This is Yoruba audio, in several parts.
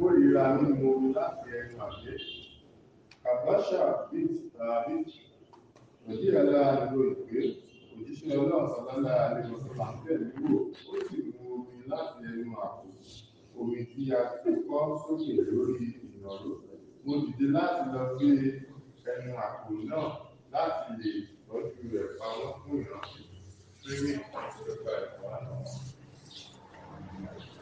ìkórìíra nínú omi láti ẹnu àṣẹ. Kàbáṣà bíi òjì ẹ̀lá lo ìpè òjíṣẹ́ ọlọ́run sọ̀lọ́lá àlejòsọ̀lá tẹ̀lé wò ó sì mu omi láti ẹnu àpò omi tí a ti kọ́ sókè lórí ìnàró. Mo dìde láti lọ gbé ẹnu àpò náà láti lè tọ́jú rẹ̀ pamọ́ fún ìrántí. Fẹ́mi àti ọgbà ẹ̀kọ́ àná.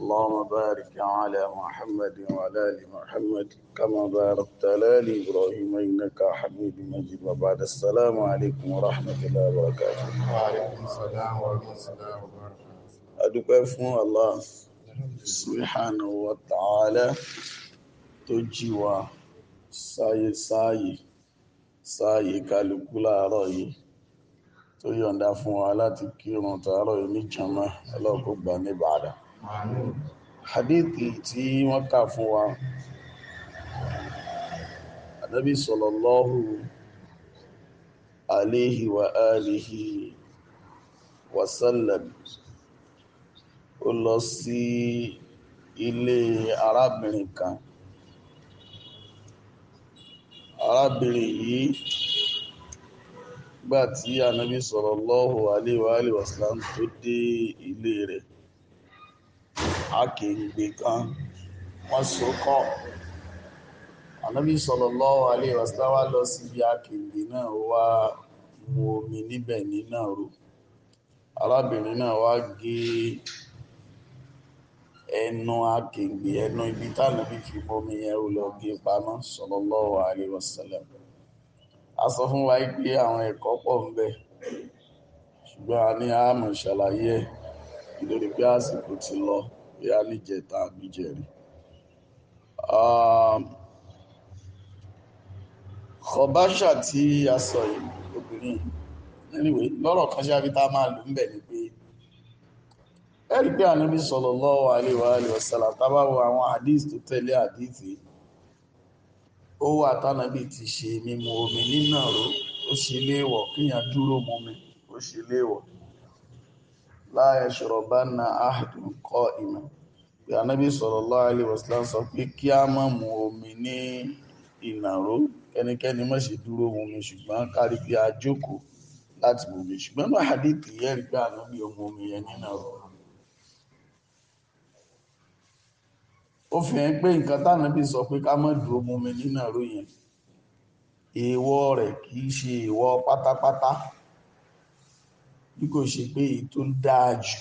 اللهم بارك على محمد وعلى ال محمد كما باركت على ال ابراهيم انك حميد مجيد وبعد السلام عليكم ورحمه الله وبركاته. وعليكم السلام ورحمه الله وبركاته. adúpẹ́ fún allah subhanahu wa ta'ala tó jí wa sáyé sáyé sáyé kálukú láàárọ̀ yìí tó yọ̀ǹda fún wa láti kírun tààrọ̀ yìí hadithi tí wọ́n kà fún wa anabi sallallahu alayhi wa alihi wa sallam ó lọ sí ilé arábìnrin kan arábìnrin yìí gbà tí anabi sallallahu alayhi wa alihi wa tó dé ilé rẹ̀ akèrègbè kan wọ́n so kọ́ ànábì sallallahu alaihi wasallam lọ síbi akèrègbè náà wá mu omi níbẹ̀ nínà ro arábìnrin náà wá gé ẹnu akèrègbè ẹnu ibi táwọn bí fi bomi yẹn lọ gé a sọ fún wa pé àwọn ẹ̀kọ́ pọ̀ ń ṣùgbọ́n a ní àmọ̀ ẹ̀ pé àsìkò ti lọ. bóyá níjẹta àbíjẹrin. Kọ̀báṣà tí a sọ yìí obìnrin anyway lọ́rọ̀ kan a máa lò ń bẹ̀ ni pé ẹ̀rí pé àwọn hadith tó tẹ̀lé hadith ó ti ṣe mímu omi nínà ró ó ṣe léèwọ̀ kíyàn dúró mọ́mi ó ṣe léèwọ̀ láyé ṣọ̀rọ̀bá na áhùn kọ́ ìmọ̀ pé anábì sallallahu alaihi wasallam sọ pé kí a mu omi ni ìnàró ẹnikẹ́ni má ṣe dúró mu omi ṣùgbọ́n a mu omi ṣùgbọ́n náà hadith yẹ́ rí pé ọmọ omi yẹn nínàró ó fi hàn pé nǹkan sọ pé ká má dúró bí kò ṣe pé èyí tó ń dáa jù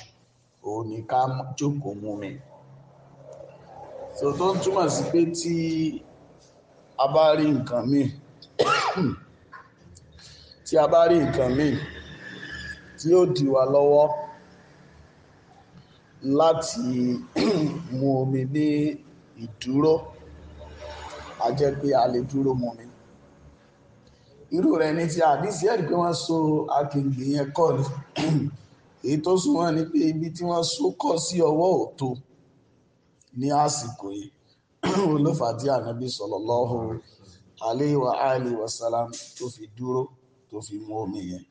òun ni ká jókòó mú mi so tó ń túmọ̀ sí pé tí a bá rí nǹkan míì tí a bá rí nǹkan míì tí ó dì wá lọ́wọ́ láti mu omi ní ìdúró a jẹ́ pé a lè dúró mu omi irú rẹ̀ ní ti àdísí ẹ̀rí pé wọ́n so akèrègbè yẹn kọ́ ni èyí tó sùn wọ́n ni pé ibi tí wọ́n so kọ́ sí ọwọ́ òtó ní àsìkò yìí olófà tí ànábì sallallahu alaihi wa alihi wa salam tó fi dúró tó fi mú omi yẹn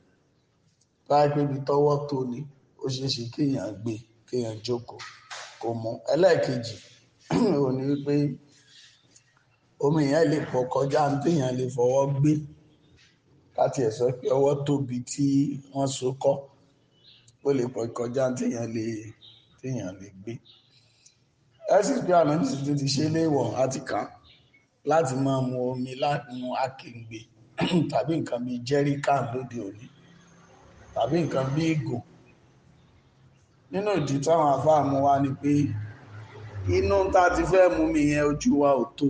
báyìí pé ibi tọ́wọ́ tó ni ó ṣeé ṣe kéèyàn gbé kéèyàn jókòó kó mú ẹlẹ́ẹ̀kejì òní wípé omi yẹn lè pọ̀ kọjá ní lè fọwọ́ gbé káti ẹ̀ sọ pé ọwọ́ tóbi tí wọ́n so kọ́ ó lè pọ̀ kọjá téèyàn lè téèyàn lè gbé ẹ pé àná ní ti ṣe léèwọ̀ àti kàn láti máa mu omi láti mu akíngbè tàbí nǹkan bíi jẹ́ríkàn lóde òní tàbí nǹkan bíi ìgò nínú ìdí táwọn àfáà mú wá ni pé inú tá ti fẹ́ mú mi yẹn ojú wa ò tó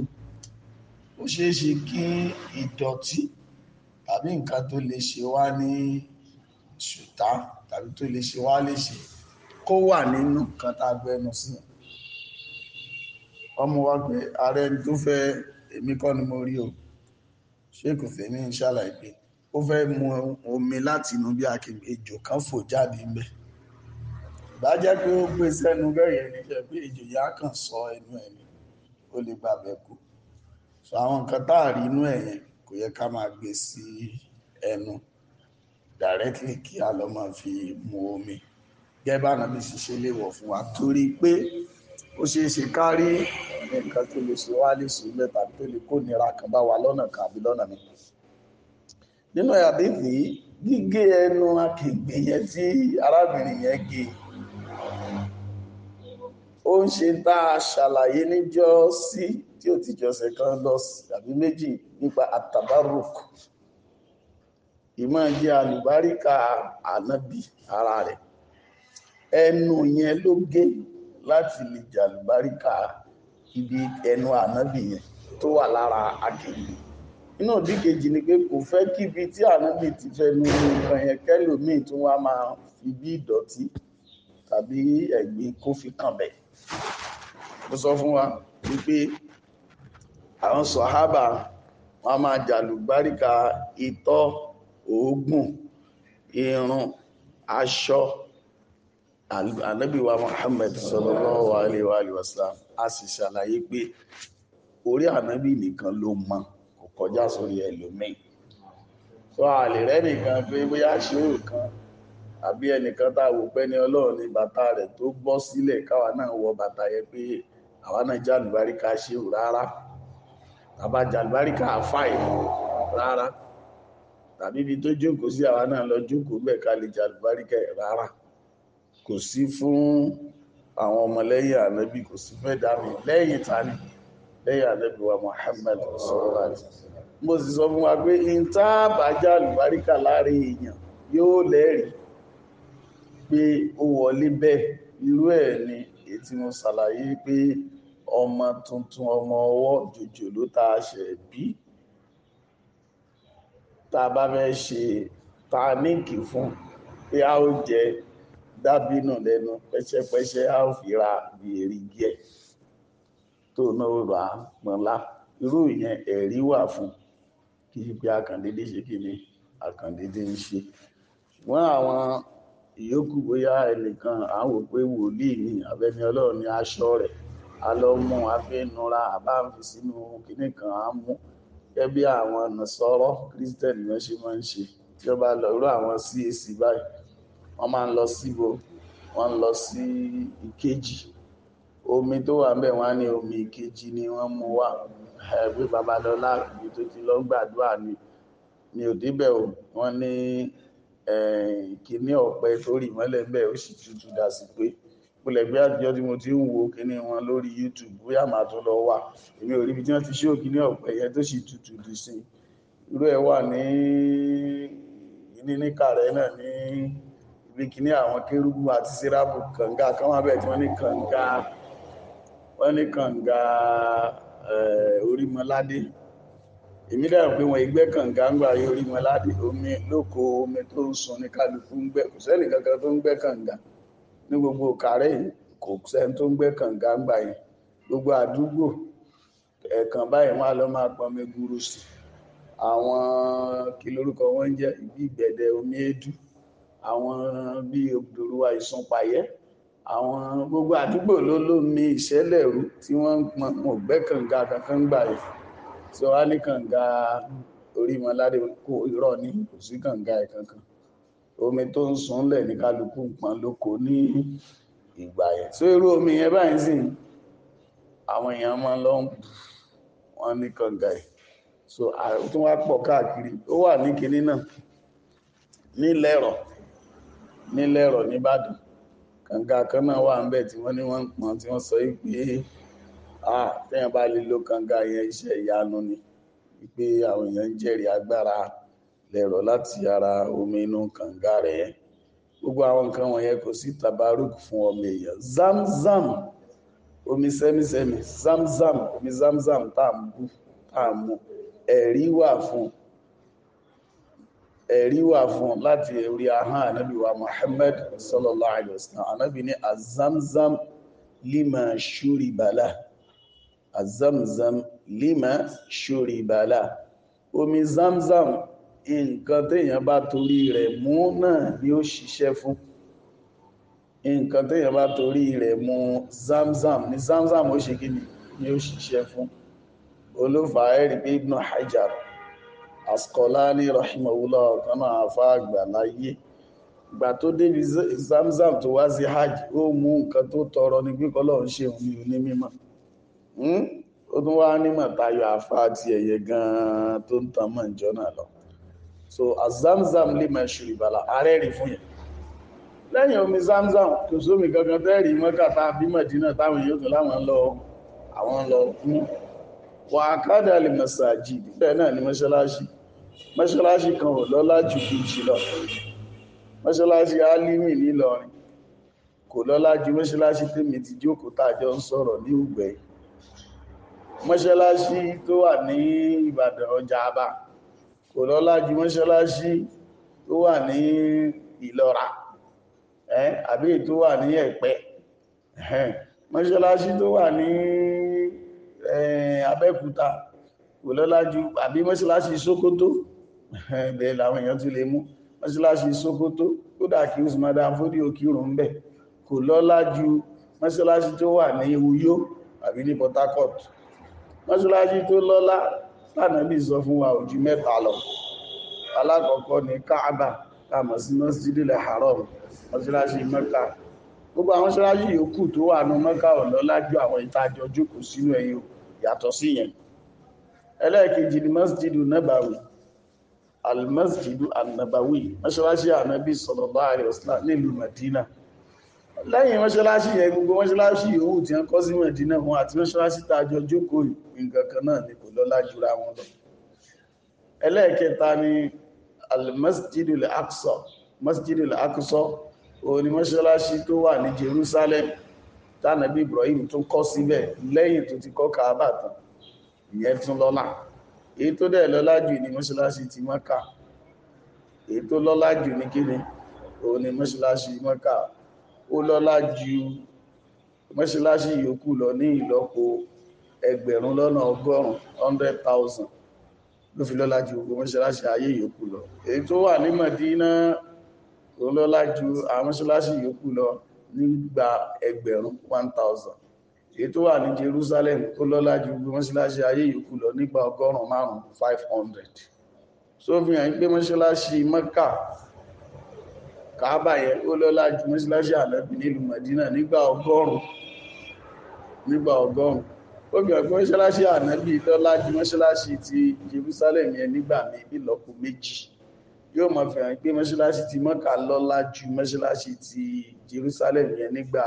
ó ṣeé ṣe kí ìdọ̀tí tàbí nǹkan tó lè ṣe wá ní ṣùtá tàbí tó lè ṣe wá léṣe kó wà nínú nǹkan tá a gbẹnu sí ọmọ wa pé ààrẹ ẹni tó fẹ́ èmi kọ́ ni mo rí o ṣéèkù fèmí ṣàlàyé pé ó fẹ́ mu omi láti inú bí akéwì ejò kan fò jáde ńbẹ̀ bá jẹ́ pé ó gbé sẹ́nu bẹyẹ níṣẹ́ pé ejò yá kàn sọ ẹnu ẹni ó lè gbàbẹ kú sọ àwọn nǹkan tá a rí inú ẹ yẹn kò yẹ ká máa gbé sí ẹnu directly kí a lọ máa fi mu omi gẹ́gẹ́ bá nàbí ṣiṣẹ́ léwọ̀ fún wa torí pé ó ṣeé ṣe ká nǹkan tó lè ṣe wá lè ṣe ilẹ̀ tó lè kó nira kan bá wa lọ́nà kan àbí lọ́nà mi nínú ẹ̀yà bíbí gígé ẹnu akéègbè yẹn tí arábìnrin yẹn gé e ó ń ṣe tá a ṣàlàyé níjọ́ sí tí ò ti jọ́sẹ̀ kan lọ tàbí méjì nípa àtàbárùk ìmọ̀ jẹ́ alùbáríkà ànábì ara rẹ̀ ẹnu yẹn ló gé láti lè jẹ alùbáríkà ibi ẹnu ànábì yẹn tó wà lára akẹ́lẹ̀ inú òdí kejì ni pé kò fẹ́ kí ibi tí ànábì ti fẹ́ nu nǹkan yẹn kẹ́lòmíì tó wá máa fi bí ìdọ̀tí tàbí ẹ̀gbin kó fi kàn bẹ́ẹ̀ ó sọ fún wa wípé àwọn sọ̀hábà wọn máa jàlùbáríkà itọ́ òógùn irun aṣọ ànábìwá Muhammad sallallahu alaihi wasallam a sì ṣàlàyé pé orí ànábì nìkan ló mọ kò kọjá sórí ẹlòmíì tó àlè rẹ́ nìkan pé bóyá ṣe òkan àbí ẹnìkan tá a wò pé ní ọlọ́run ní bàtà rẹ̀ tó bọ́ sílẹ̀ káwa náà wọ bàtà yẹn pé àwa náà já àlùbáríkà ṣéwù rárá bàbá já àlùbáríkà àfà ìlú rárá tàbí ibi tó jókòó sí àwa náà lọ jókòó bẹ̀ ká lè já rárá kò sí fún àwọn ọmọlẹ́yìn ànábì kò sí fẹ́ dá mi lẹ́yìn tani lẹ́yìn ànábì wa Muhammad sọ̀rọ̀ àti mo sì sọ fún wa pé ìta àbájá àlùbáríkà láàrin èèyàn yóò lẹ́rìí pé ó wọlé bẹ́ẹ̀ irú ẹ̀ ni ètí mo ṣàlàyé pé ọmọ tuntun ọmọ ọwọ́ jòjòló tá a ṣẹ̀ bí tá a bá fẹ́ ṣe táníkì fún pé a ó jẹ dábìnù lẹ́nu pẹ́ṣẹ́pẹ́ṣẹ́ a ó fi ra èrìgì ẹ̀ tó náà rà pọ̀nlá irú ìyẹn ẹ̀rí wà fún kí pé akàndédé ṣe kí ni akàndédé ń ṣe ṣùgbọ́n àwọn ìyókù bóyá ẹnìkan à ń wò pé wòlíì ni abẹni Ọlọ́run ní aṣọ rẹ̀ alọmú afẹnura àbáfi sínú kinní kan á mú gẹ́gẹ́ bí àwọn nàṣọrọ kírísítẹnì wọn ṣe máa ń ṣe tí wọn bá lọ irú àwọn CAC báyìí wọn máa ń lọ síbo wọn ń lọ sí ìkejì omi tó wà ńbẹ̀ wọn á ní omi ìkejì ni wọn mú wá ẹgbẹ́ babalọlá ibi tó ti lọ gbàdúrà ni mi ò débẹ̀ o wọn ní. Eh, kíní ọ̀pẹ tó rì mọ́lẹ̀ ńbẹ̀ ó sì tutù dà sí pé pọ̀lẹ̀gbẹ́ àjọ tí mo ti ń wo kíní wọn lórí YouTube bóyá màá tó lọ wà èmi ò rí ibi tí wọ́n ti ṣó kíní ọ̀pẹ yẹn tó sì tutù dì sí irú ẹ̀ wà ní kíní ní kàrẹ́ náà ní ibi kíní àwọn kérúbù àti sírábù kànga kan wà bẹ́ẹ̀ tí wọ́n ní kànga wọ́n ní kànga eh, orímọládé èmi dàrú pé wọn ìgbẹ́ kànga ń gbà yọrí wọn láti omi lóko omi tó ń sun ní kálukú ń gbẹ́ kò sẹ́ni kankan tó ń gbẹ́ kànga ní gbogbo kàrẹ́ yìí kò sẹ́ni tó ń gbẹ́ kànga yìí gbogbo àdúgbò ẹ̀ẹ̀kan báyìí wọn lọ máa pọnmi gúrú sí àwọn kí wọn ń jẹ́ ibi ìgbẹ̀dẹ̀ omi édú àwọn bíi odòrúwa ìsúnpayẹ́ àwọn gbogbo àdúgbò ló lómi ìṣẹ̀lẹ̀rú tí wọ́n ń pọn ògbẹ́ kànga kankan gbà yìí tí wọ́n á ní kànga orí wọn ládé kó irọ́ ní kò sí kànga ẹ̀ kankan omi tó ń sunlẹ̀ ní kálukú nǹkan lóko ní ìgbà yẹn tó irú omi yẹn báyìí sì àwọn èèyàn máa lọ wọn ní kànga ẹ̀ so àrùn tó wá pọ̀ káàkiri ó wà ní kinní náà nílẹ̀rọ̀ nílẹ̀rọ̀ nìbàdàn kànga kan náà wà ń bẹ̀ tí wọ́n ní wọ́n pọn tí wọ́n sọ yìí pé ah tẹ́yàn bá lè lo kànga yẹn iṣẹ́ ìyanu ni wípé àwọn èèyàn ń jẹ́rìí agbára lẹ̀rọ láti ara omi inú kànga rẹ̀ gbogbo àwọn nǹkan wọ̀nyẹn kò sí tabaruk fún ọmọ èèyàn zamzam omi sẹ́mísẹ́mí zamzam omi zamzam tá à ń bú tá à ń mu ẹ̀rí wà fún ẹ̀rí wà fún láti orí ahán ànábì wa Muhammad sallallahu alayhi wa sallam ànábì ní azamzam lima shuri bala azamzam lima ṣoribala omi zamzam nǹkan téèyàn bá torí rẹ̀ mú náà ni ó ṣiṣẹ́ fún nǹkan téèyàn bá torí rẹ̀ mú zamzam ni zamzam ó ṣe kíni ni ó ṣiṣẹ́ fún olófà ẹ̀rí pé ibnu hajar asqalani rahimahullah kan náà afá àgbà láyé ìgbà tó débi zamzam tó wá sí hajj ó mú nǹkan tó tọrọ ní pé ṣe òun ní onímọ̀ Hmm? ó tún wá ní màtayọ àfá àti ẹ̀yẹ gan-an tó ń tan mọ́ ìjọ náà lọ so azamzam lè máa ṣe ìbàlá ààrẹ rí fún yẹn lẹ́yìn omi zamzam kò sómi gangan tẹ́rì mọ́kàtà bí mọ̀dínà táwọn yóò tún láwọn lọ àwọn lọ fún wà kádà lè mọ̀sàájì bẹ́ẹ̀ náà ni mọ́ṣáláṣí mọ́ṣáláṣí kan ò lọ́lá jù kejì lọ mọ́ṣáláṣí alimi nílọrin kò lọ́lá ju mọ́ṣáláṣí tèmi ti jókòó tàjọ ń sọ̀rọ̀ ní Ùgbẹ̀yìn mọ́ṣáláṣí tó wà ní Ìbàdàn ọjà àbá kò lọ́lá ju mọ́ṣáláṣí tó wà ní Ìlọ́ra àbí tó wà ní Ẹ̀pẹ́ mọ́ṣáláṣí tó wà ní Abẹ́òkúta kò lọ́lá ju àbí mọ́ṣáláṣí Sókótó bẹ́ẹ̀ làwọn èèyàn ti lè mú mọ́ṣáláṣí Sókótó kódà kí Usman Dan Fodio kírun ń bẹ̀ kò lọ́lá ju mọ́ṣáláṣí tó wà ní Uyo àbí ní Port Harcourt mọ́ṣáláṣí tó lọ́lá tánàbí sọ fún wa ojú mẹ́ta lọ alákọ̀ọ́kọ́ ní káàbà tàmọ̀ sí masjidil haram mọ́ṣáláṣí mẹ́ka gbogbo àwọn mọ́ṣáláṣí yòókù tó wà ní mẹ́ka ọ̀lọ́lá ju àwọn ìtajọ jókòó sínú ẹ̀yìn yàtọ̀ sí yẹn ẹlẹ́ẹ̀kejì ni masjidu nabawi almasjidu annabawi mọ́ṣáláṣí ànábì sallallahu alaihi wasallam nílùú madina lẹ́yìn mọ́ṣáláṣí yẹn gbogbo mọ́ṣáláṣí yòówù tí wọ́n kọ́ sí mẹ̀dínà wọn àti mọ́ṣáláṣí tá a jọ jókòó nǹkan kan náà ni kò lọ́lá jura wọn lọ ẹlẹ́ẹ̀kẹta ni almasjidul aqsa masjidul aqsa òun ni mọ́ṣáláṣí tó wà ní Jerusalem tánàbí Ibrahim tó kọ́ síbẹ̀ lẹ́yìn tó ti kọ́ Kaaba tán ìyẹn tún lọ́lá èyí tó dẹ̀ lọ́lá jù ní mọ́ṣáláṣí ti Mọ́kà èyí tó lọ́lá jù ní kíni òun ni mọ́ṣáláṣí Mọ́kà ó lọ́lá ju mọ́ṣáláṣí yòókù lọ ní ìlọ́po ẹgbẹ̀rún lọ́nà ọgọ́rùn-ún hundred thousand ló fi lọ́lá ju gbogbo mọ́ṣáláṣí ayé yòókù lọ èyí tó wà ní Mọ̀dínà ó lọ́lá ju àwọn yòókù lọ nígbà ẹgbẹ̀rún one thousand èyí tó wà ní Jerusalem ó lọ́lá ju gbogbo mọ́ṣáláṣí ayé yòókù lọ nígbà ọgọ́rùn-ún márùn-ún five hundred so fi hàn pé mọ́ṣáláṣí kàábà yẹn ó lọ́lá ju mọ́síláṣí àlẹ́bì nílùú Mẹ̀dínà nígbà ọgọ́rùn-ún nígbà ọgọ́rùn-ún ó bìí ànábì lọ́lá ju mọ́síláṣí ti Jerusalem yẹn nígbà méjì lọ́pọ̀ méjì yóò máa fẹ̀hàn pé mọ́síláṣí ti Mọ́kà lọ́lá ju mọ́síláṣí ti Jerusalem yẹn nígbà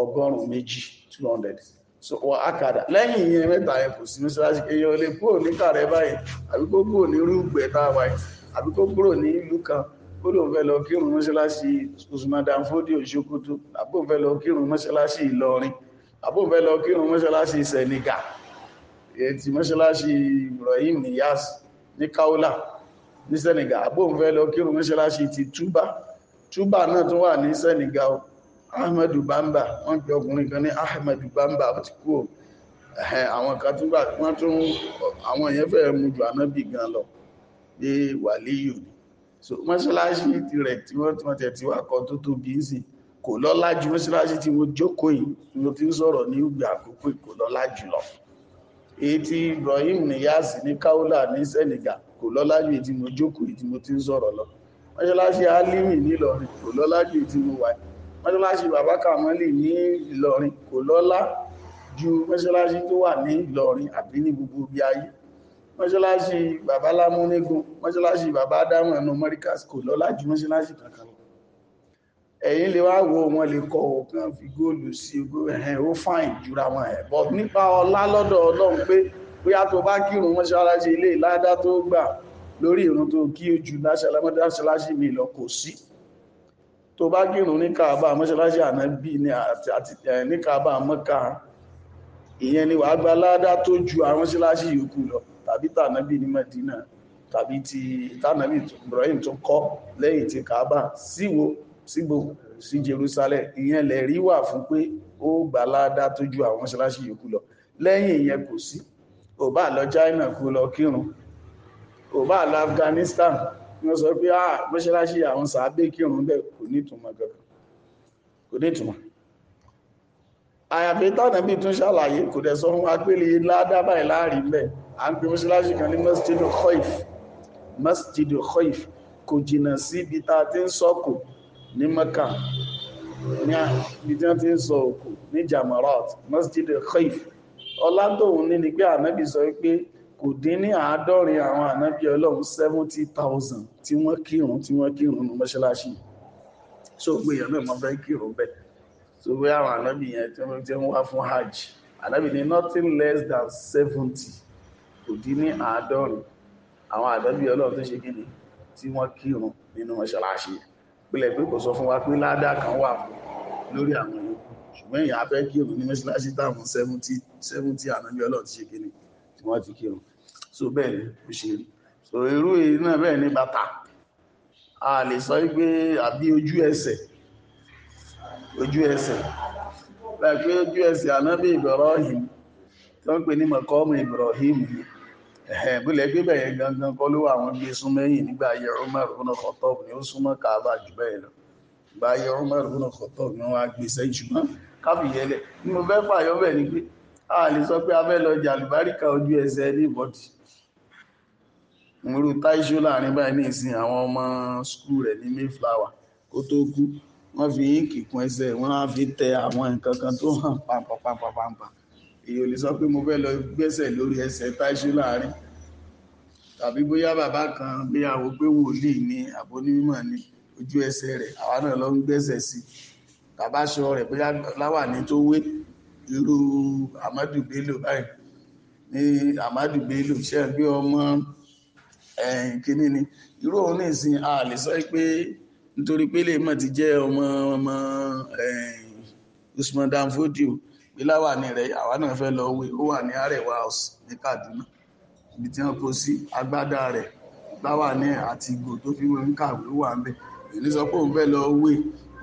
ọgọ́rùn-ún méjì two hundred so wọ́n akada lẹ́yìn ìyẹn mẹ́ta yẹn kò sí mọ́síláṣí kéèyàn lè kúrò ní kàrẹ́ báyìí àbí kó kúrò ní rúgbẹ́ táwa yìí àbí kó kúrò ní ìlú kan ó lóun fẹ́ lọ kírun mọ́ṣáláṣí Usman Fodio Sokoto àbóun fẹ́ lọ kírun mọ́ṣáláṣí Ìlọrin àbóun fẹ́ lọ kírun mọ́ṣáláṣí Senegal ti mọ́ṣáláṣí Ibrahim Niyas ní Kaula ní Senegal àbóun fẹ́ lọ kírun mọ́ṣáláṣí ti Tuba Tuba náà tún wà ní Senegal Ahmedu Bamba wọ́n pe ọkùnrin kan ní Ahmedu Bamba ó ti kú àwọn kan tún wọ́n tún àwọn èèyàn fẹ́ẹ́ mú ju ànábì gan lọ ní wàlíyù ni so mọ́ṣáláṣí tirẹ̀ tí wọ́n tí wọ́n tẹ̀ tí wà kan tó tóbi sí kò lọ́lá ju mọ́ṣáláṣí tí mo jókòó yìí mo ti ń sọ̀rọ̀ ní ìgbà àkókò kò lọ́lá jùlọ èyí tí Ibrahim Niyas ní Kaula ní Senegal kò lọ́lá ju èyí tí mo jókòó yìí tí mo ti ń sọ̀rọ̀ lọ mọ́ṣáláṣí Alimi nílọrin kò lọ́lá ju èyí tí mo wà mọ́ṣáláṣí Bàbá Kàmọ́lì ní Ìlọrin kò lọ́lá ju mọ́ṣáláṣí tó wà ní Ìlọrin àbí ní gbogbo ibi ayé mọ́ṣáláṣí bàbá lámúnígun mọ́ṣáláṣí bàbá dámọ̀ ẹnu mọ́ríkà school lọ́lá ju mọ́ṣáláṣí kankan lọ ẹ̀yìn lè wá wo wọn lè kọ òkan fi góòlù sí ẹ̀hẹ́n ó fàìn jura wọn ẹ̀ bọ̀ nípa ọlá lọ́dọ̀ ọlọ́run pé bóyá tó bá kírun mọ́ṣáláṣí ilé ìládá tó gbà lórí ìrun tó kí ojú mọ́ṣáláṣí mi lọ kò sí tó bá kírun ní Kaaba mọ́ṣáláṣí ànábì ní àti ní Kaaba Mọ́kà ìyẹn ni wàá gba ládá tó ju àwọn mọ́ṣáláṣí yòókù lọ tàbí tànábì ní Madina tàbí ti tànábì Ibrahim tó kọ́ lẹ́yìn ti Kaaba síwo sígbò sí Jerusalem ìyẹn lẹ̀ rí wà fún pé ó gbà ládá tó ju àwọn mọ́ṣáláṣí yòókù lọ lẹ́yìn ìyẹn kò sí ò bá lọ China kó lọ kírun ò bá lọ Afghanistan wọ́n sọ pé ah mọ́ṣáláṣí àwọn sàábé kírun bẹ́ẹ̀ kò ní ìtumọ̀ gọ̀gọ̀ kò ní ìtumọ̀ àyàfi tánàbí tún ṣàlàyé kò dẹ̀ sọ fún wa pé lè ládábàá ìláàrí bẹ́ẹ̀ à ń pè mọ́ṣáláṣí kan ní masjidu khoif masjidu khoif kò jìnnà sí ibi tá a ti ń sọ̀kò ní mẹ́kà ní ibi tí wọ́n ti ń sọ ní jamarat masjidu khoif ọlátòun ní ni pé ànábì sọ pé kò dín ní àádọ́rin àwọn ànábì ọlọ́run seventy thousand tí wọ́n kírun tí wọ́n kírun ní mọ́ṣáláṣí so gbé èèyàn náà máa fẹ́ kírun bẹ́ẹ̀ so gbé àwọn ànábì yẹn tí wọ́n ti ń wá fún hajj ànábì ní nothing less than seventy kò dín ní àádọ́rin àwọn àdọ́bí ọlọ́run tó ṣe gíní tí wọ́n kírun nínú mọ́ṣáláṣí pílẹ̀ pé kò sọ fún wa pé ládá kan wà fún lórí àwọn yòókù ṣùgbọ́n èèyàn afẹ́ kírun so bẹ́ẹ̀ ni ó ṣe rí so irú èyí náà bẹ́ẹ̀ ni bàtà a lè sọ wípé àbí ojú ẹsẹ̀ ojú ẹsẹ̀ láìpẹ́ ojú Ibrahim tó ń pè ní mọ̀kọ́mù Ibrahim yìí ìpínlẹ̀ pé bẹ̀yẹn gangan kọ́ ló wà wọ́n gbé súnmẹ́yìn nígbà ayé Umar ibn ni ó súnmọ́ Kaaba jù bẹ́ẹ̀ lọ ìgbà ayé Umar ibn Khattab ni wọ́n á gbé sẹ́yìn ṣùgbọ́n káfíyẹlẹ̀ ni mo fẹ́ pààyọ́ bẹ̀ ni pé a lè sọ pé a fẹ́ lọ jà àlùbáríkà ojú ẹsẹ̀ ní ìbọ̀dì mòrú táìṣó láàrin báyìí ní ìsìn àwọn ọmọ skul rẹ̀ ní Mayflower kó tó kú wọ́n fi íǹkì kún ẹsẹ̀ wọ́n á fi tẹ àwọn nǹkan kan tó hàn pàǹpàǹpàǹpàǹpà èyí ò lè sọ pé mo fẹ́ lọ gbẹ́sẹ̀ lórí ẹsẹ̀ táṣú láàrin tàbí bóyá bàbá kan gbéyàwó pé wòlíì ni àbónímọ̀ ni ojú ẹsẹ̀ rẹ̀ àwa náà lọ ń gbẹ́sẹ̀ sí tàbáṣọ rẹ̀ bóyá láwàní tó wé irú Amadu Bello báyìí ní Amadu Bello ṣe gbé ọmọ kínní ni irú òun ní ìsìn a lè sọ pé nítorí pé lè mọ̀ ti jẹ́ ọmọ ọmọ Usman Danfodio ìgbéláwà ní rẹ̀ àwa náà fẹ́ lọ wé ó wà ní Arewa House ní Kaduna ibi tí wọ́n kó sí agbádá rẹ̀ láwà ní àti ìgò tó fi wọ́n ń kàwé ó wà ń bẹ̀ èmi sọ pé òun fẹ́ lọ wé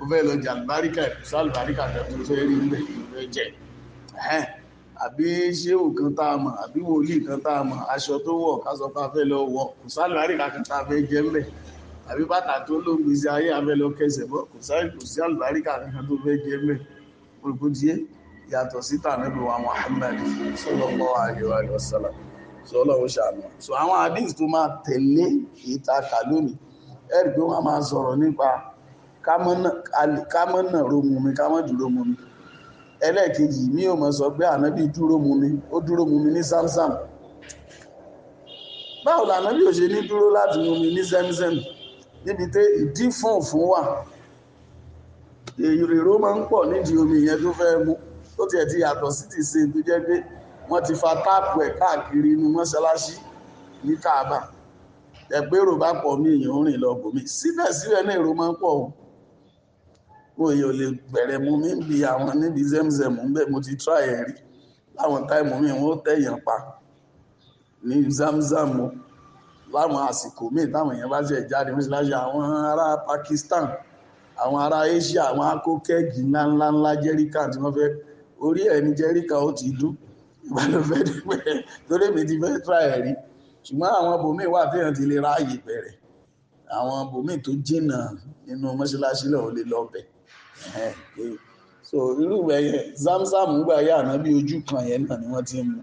ó fẹ́ lọ jàǹbáríkà ìpèsè àlùbáríkà tó fẹ́ rí ń bẹ̀ ló fẹ́ jẹ́ àbí ṣéwù kan tá a mọ̀ àbí wòlíì kan tá a mọ̀ aṣọ tó wọ̀ ká pé a fẹ́ lọ wọ̀ kò sálùbáríkà kan tá a fẹ́ jẹ́ ń àbí bàtà tó ló ń gbèsè ayé a fẹ́ lọ kẹsẹ̀ bọ́ kò sí àlùbáríkà kan tó fẹ́ jẹ́ ń olùkó tiẹ́ yàtọ̀ sí tànàbí wa Muhammad sallallahu alaihi wa sallam sọ ọlọ́run ṣàánú so àwọn hadith tó máa tẹ̀lé ìtaka lónìí ẹ̀rì pé wọ́n máa sọ̀rọ̀ nípa kámọ́nà rómùmí kámọ́ dúró mumi ẹlẹ́ẹ̀kejì mi ò mọ̀ sọ pé ànábì dúró mumi ó dúró mumi ní samsam báwo lànábì ò ṣe ní dúró láti mumi ní zemzem níbi tẹ́ ìdí fún òfún wà èrò máa ń pọ̀ nídìí omi yẹn tó fẹ́ mú tó tiẹ̀ ti yàtọ̀ sí ti ṣe tó jẹ́ pé wọ́n ti fa táàpù ẹ̀ káàkiri inú mọ́ṣáláṣí ní káàbà ẹgbẹ́ èrò bá pọ̀ mí èèyàn ń rìn lọ bòmí síbẹ̀síbẹ̀ náà èrò máa ń pọ̀ o mo yóò lè bẹ̀rẹ̀ mu mí bi àwọn níbi zemzem ń bẹ̀ mo ti try ẹ̀ rí láwọn táìmù mi wọ́n tẹ̀yàn pa ní zamzam o láwọn àsìkò míì táwọn èèyàn bá ṣe jáde mọ́ṣáláṣí àwọn ará Pakistan àwọn ará Asia àwọn akókẹ́ẹ̀gì ńláńláńlá jẹ́ríkà tí wọ́n fẹ́ orí ẹ̀ ní jẹ́ríkà ó ti dú ìgbà ló fẹ́ dúpẹ́ torí èmi ti fẹ́ tra ẹ̀ rí ṣùgbọ́n àwọn bòmíì wà téèyàn ti lè ráàyè bẹ̀rẹ̀ àwọn bòmíì tó jìnnà nínú mọ́ṣáláṣí lọ́wọ́ lè lọ bẹ̀ so irú ẹ̀yẹ zamzam gbà yà náà bí ojú kan yẹn náà ni wọ́n ti mú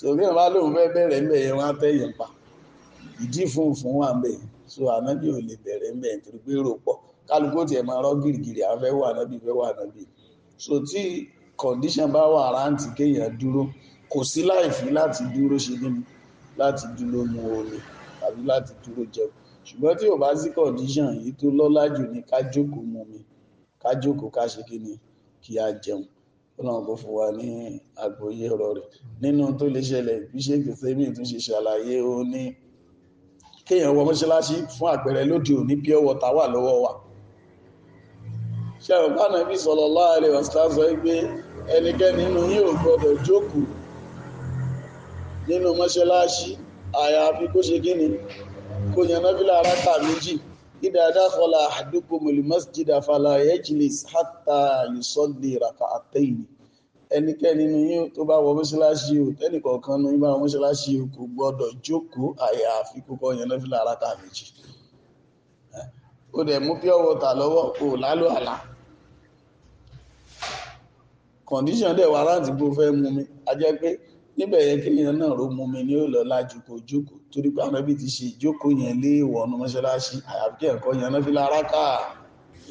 so bí wọ́n bá lóun fẹ́ bẹ̀rẹ̀ ńbẹ̀ yẹn wọ́n á tẹ̀yẹ̀ pa ìdí funfun wà ńbẹ̀ so ànábì ò lè bẹ̀rẹ̀ ńbẹ̀ nítorí pé rò pọ̀ kálukú tiẹ̀ máa rọ́ gìrìgìrì àfẹ́ wà ànábì fẹ́ wà ànábì so tí condition bá wà ráǹtì kéèyàn dúró kò sí láìfí láti dúró ṣe nínú láti dúró mu omi tàbí láti dúró jẹun ṣùgbọ́n tí ò bá sí condition yìí tó lọ́lá jù ní ká jókòó mu omi ká ká ṣe kí ni kí a jẹun ọlọ́run kò fún wa ní àgbọ́yé ọ̀rọ̀ rẹ̀ nínú tó lè ṣẹlẹ̀ bí ṣe gbèsè míì tún ṣe ṣàlàyé ó ní kéèyàn wọ mọ́ṣáláṣí fún àpẹẹrẹ lóde òní pure water wà lọ́wọ́ wa ṣe àwọn bá nàbí sallallahu alaihi wasallam sọ pé ẹnikẹ́ni nínú yín ò gbọdọ̀ jókòó nínú mọ́ṣáláṣí àyàfi kó ṣe kí ni kó yan náfìlà rákà méjì ìdáadá kọlà àdúgbò mọ̀lìmọ́sídìdà fàlà ẹ̀jìlìs hátà yusalli ràkà àtẹ̀yìn ẹnikẹ́ni nínú yín tó bá wọ mọ́ṣáláṣí o tẹ́nìkọ̀ọ̀kan nínú yín bá wọ mọ́ṣáláṣí o kò gbọdọ̀ jókòó àyàfi kó kọ́ yan náfìlà rákà méjì ó dẹ̀ mú pure water lọ́wọ́ kò condition dẹ̀ wà láti bó fẹ́ mú mi a jẹ́ pé níbẹ̀ yẹn kéèyàn náà ló mú mi ní ó lọ lájú kò jókòó torí pé àmọ́bí ti ṣe ìjókòó yẹn lé ìwọ̀nù mọ́ṣáláṣí àyàfi kí ẹ̀kọ́ yẹn náà fi lára ká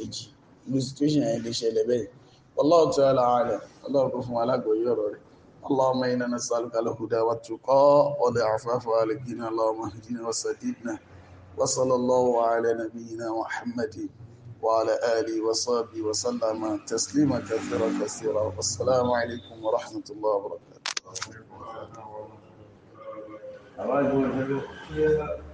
èjì ní situation yẹn lè ṣẹlẹ̀ bẹ́ẹ̀ Allahu ta'ala a'lam ọlọ́run kò fún wa alágbòye ọ̀rọ̀ rẹ̀ اللهم إنا نسألك الهدى والتقى والعفاف والغنى اللهم اهدنا وسددنا وصلى الله على نبينا محمد وعلى آله وصحبه وسلم تسليما كثيرا كثيرا والسلام عليكم ورحمة الله وبركاته